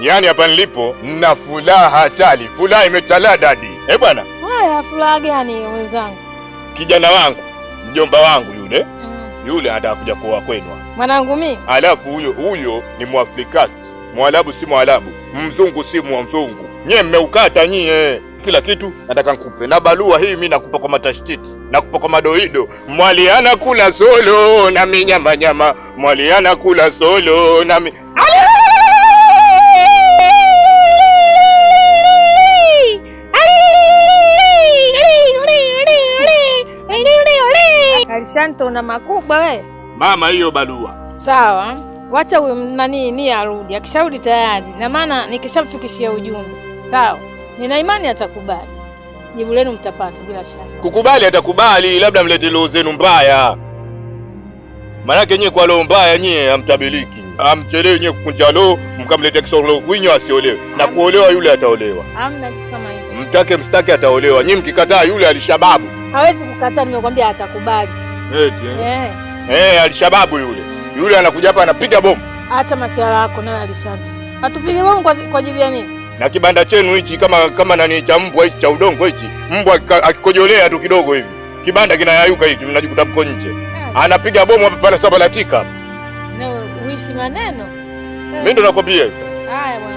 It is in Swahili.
yaani hapa nilipo na furaha hatari, furaha imetalaa dadi. Eh bwana, haya furaha gani mwenzangu? Kijana wangu mjomba wangu yule mm. yule anataka kuja kuoa kwenu mwanangu mimi, alafu huyo huyo ni Mwafrikasti, Mwarabu si Mwarabu, Mzungu si mwa mzungu, mmeukata nyie kila kitu nataka nkupe na barua hii mimi nakupa kwa matashtiti, nakupa kwa madoido. Mwaliana kula solo na minyamanyama, mwaliana kula solo na mi... Alishanto na makubwa we mama, hiyo barua sawa. Wacha huyu nani ni arudi, akisharudi tayari na maana nikishamfikishia ujumbe sawa, nina imani atakubali. Jibu lenu mtapata bila shaka. Kukubali atakubali, labda mlete roho zenu mbaya, maanake nyie kwa roho mbaya nyie hamtabiliki. Amchelewe nyie kukunja roho, mkamletea kisoro kwinyo asiolewe na kuolewa, yule ataolewa. Hamna kitu kama hicho, mtake mstake ataolewa. Nyie mkikataa, yule alishababu hawezi kukataa. Nimekwambia atakubali. Eti eh. Eh, alishababu yule. Yule anakuja hapa anapiga bomu. Acha masuala yako nayo alishabu. Atupige bomu kwa ajili ya nini? Na kibanda chenu hichi kama kama nani cha mbwa hichi cha udongo hichi. Mbwa akikojolea tu kidogo hivi. Kibanda kinayayuka hichi mnajikuta mko nje. Eh. Anapiga bomu hapa pale sabalatika. Na no, uishi maneno. Mimi ndo eh. nakwambia. Haya.